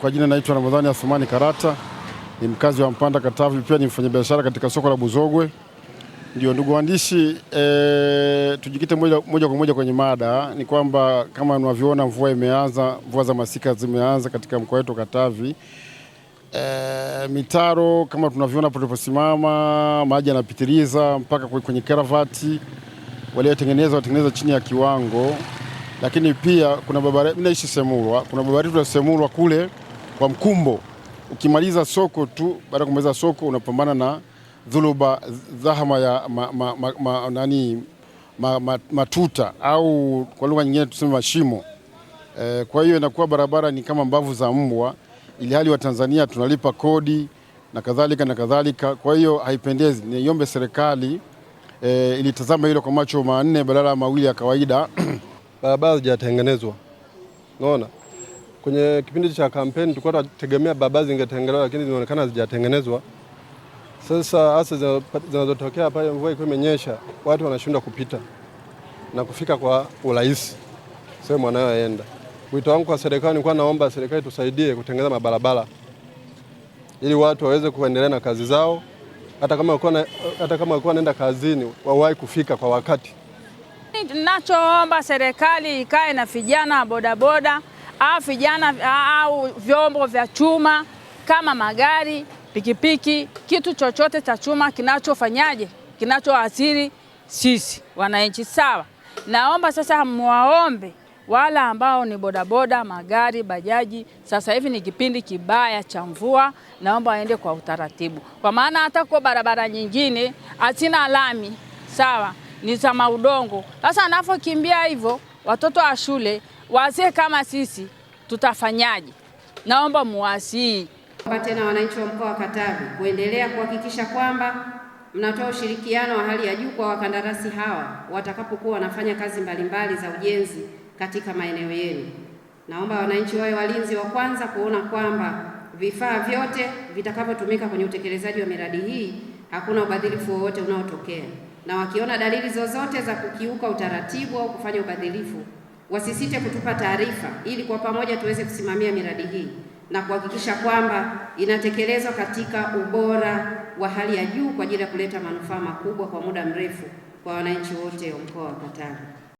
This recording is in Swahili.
Kwa jina naitwa Ramadhani Athumani Karata, ni mkazi wa Mpanda Katavi, pia ni mfanyabiashara katika soko la Buzogwe. Ndio ndugu waandishi e, tujikite moja, moja kwa moja kwenye mada. Ni kwamba kama unavyoona mvua imeanza, mvua za masika zimeanza katika mkoa wetu Katavi. E, mitaro kama tunavyoona tuliposimama, maji yanapitiliza mpaka kwenye karavati, waliotengeneza watengeneza chini ya kiwango, lakini pia kuna barabara. Mimi naishi Semurwa, kuna barabara ya Semurwa kule kwa mkumbo. Ukimaliza soko tu, baada ya kumaliza soko unapambana na dhuluba, dhahama ya ma, ma, ma, ma, nani, ma, ma, matuta au kwa lugha nyingine tuseme mashimo e. Kwa hiyo inakuwa barabara ni kama mbavu za mbwa, ili hali wa Tanzania tunalipa kodi na kadhalika na kadhalika. Kwa hiyo haipendezi. Niombe serikali e, eh, ilitazama hilo kwa macho manne badala ya mawili ya kawaida. barabara zijatengenezwa, unaona kwenye kipindi cha kampeni tulikuwa tunategemea barabara zingetengenezwa, lakini zinaonekana hazijatengenezwa. Sasa hasa zinazotokea pale, mvua ikiwa imenyesha, watu wanashindwa kupita na kufika kwa urahisi sehemu wanayoenda. Wito wangu kwa serikali, nilikuwa naomba serikali tusaidie kutengeneza mabarabara ili watu waweze kuendelea na kazi zao, hata kama walikuwa wanaenda kazini wawahi kufika kwa wakati. Ninachoomba serikali ikae na vijana bodaboda au vijana au vyombo vya chuma kama magari, pikipiki, kitu chochote cha chuma kinachofanyaje, kinachoathiri sisi wananchi. Sawa, naomba sasa mwaombe wala ambao ni bodaboda, magari, bajaji. Sasa hivi ni kipindi kibaya cha mvua, naomba waende kwa utaratibu, kwa maana hata kwa barabara nyingine hazina lami, sawa, ni za maudongo. Sasa anapokimbia hivyo watoto wa shule Wazee kama sisi tutafanyaje? Naomba muwasii tena wananchi wa mkoa wa Katavi kuendelea kuhakikisha kwamba mnatoa ushirikiano wa hali ya juu kwa wakandarasi hawa watakapokuwa wanafanya kazi mbalimbali za ujenzi katika maeneo yenu. Naomba wananchi wawe walinzi wa kwanza kuona kwamba vifaa vyote vitakavyotumika kwenye utekelezaji wa miradi hii hakuna ubadhilifu wowote unaotokea, na wakiona dalili zozote za kukiuka utaratibu au kufanya ubadhilifu wasisite kutupa taarifa ili kwa pamoja tuweze kusimamia miradi hii na kuhakikisha kwamba inatekelezwa katika ubora wa hali ya juu kwa ajili ya kuleta manufaa makubwa kwa muda mrefu kwa wananchi wote wa mkoa wa Katavi.